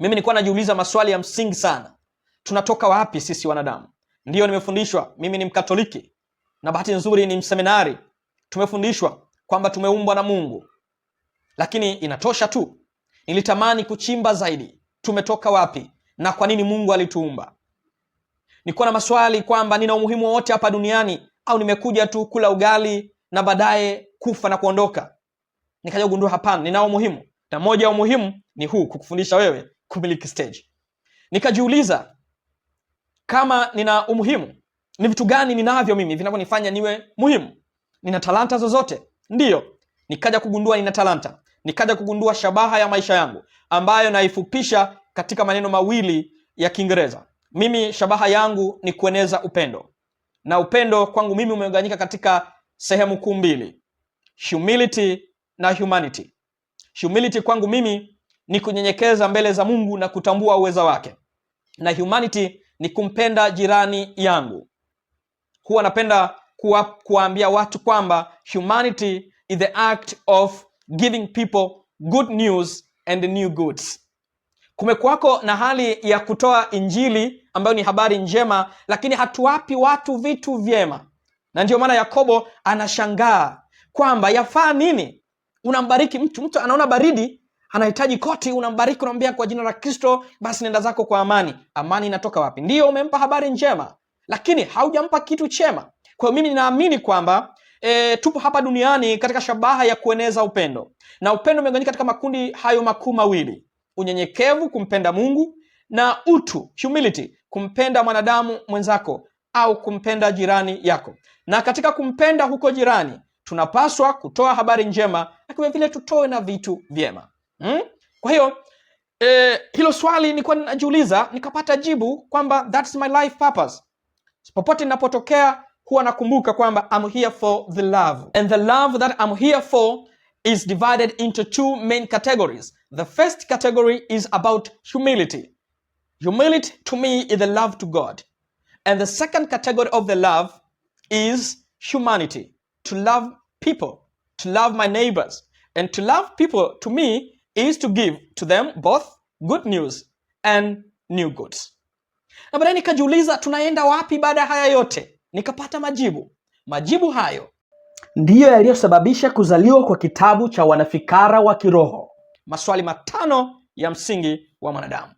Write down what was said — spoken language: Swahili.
Mimi nilikuwa najiuliza maswali ya msingi sana, tunatoka wapi sisi wanadamu? Ndiyo, nimefundishwa mimi ni Mkatoliki na bahati nzuri ni mseminari, tumefundishwa kwamba tumeumbwa na Mungu, lakini inatosha tu. Nilitamani kuchimba zaidi, tumetoka wapi na kwa nini Mungu alituumba. Nilikuwa na maswali kwamba nina umuhimu wowote hapa duniani au nimekuja tu kula ugali na baadaye kufa na kuondoka. Nikaja kugundua hapana, ninao umuhimu, na moja ya umuhimu ni huu, kukufundisha wewe kumiliki stage. Nikajiuliza kama nina umuhimu, ni vitu gani ninavyo mimi vinavyonifanya niwe muhimu? Nina talanta zozote? Ndiyo, nikaja kugundua nina talanta. Nikaja kugundua shabaha ya maisha yangu ambayo naifupisha katika maneno mawili ya Kiingereza. Mimi shabaha yangu ni kueneza upendo, na upendo kwangu mimi umeunganyika katika sehemu kuu mbili, humility na humanity. Humility kwangu mimi ni kunyenyekeza mbele za Mungu na kutambua uweza wake, na humanity ni kumpenda jirani yangu. Huwa napenda kuwa, kuwaambia watu kwamba humanity is the act of giving people good news and new goods. Kumekuwako na hali ya kutoa injili ambayo ni habari njema, lakini hatuwapi watu vitu vyema, na ndiyo maana Yakobo anashangaa kwamba yafaa nini? Unambariki mtu, mtu anaona baridi anahitaji koti, unambariki, unaambia kwa jina la Kristo, basi nenda zako kwa amani. Amani inatoka wapi? ndio umempa habari njema, lakini haujampa kitu chema. Kwa hiyo mimi ninaamini kwamba e, tupo hapa duniani katika shabaha ya kueneza upendo, na upendo umegawanyika katika makundi hayo makuu mawili: unyenyekevu, kumpenda Mungu, na utu, humility, kumpenda mwanadamu mwenzako au kumpenda jirani yako. Na katika kumpenda huko jirani tunapaswa kutoa habari njema na kwa vile tutoe na vitu vyema hmm? Kwa hiyo eh, hilo swali nilikuwa ninajiuliza nikapata jibu kwamba that's my life purpose. Popote ninapotokea huwa nakumbuka kwamba I'm here for the love and the love that I'm here for is divided into two main categories. The first category is about humility. Humility to me is the love to God. And the second category of the love is humanity, to love people, to love my neighbors. And to love people to me is to give to them both good news and new goods. Na baadaye nikajiuliza tunaenda wapi baada ya haya yote? Nikapata majibu. Majibu hayo ndiyo yaliyosababisha kuzaliwa kwa kitabu cha Wanafikara wa Kiroho, maswali matano ya msingi wa mwanadamu.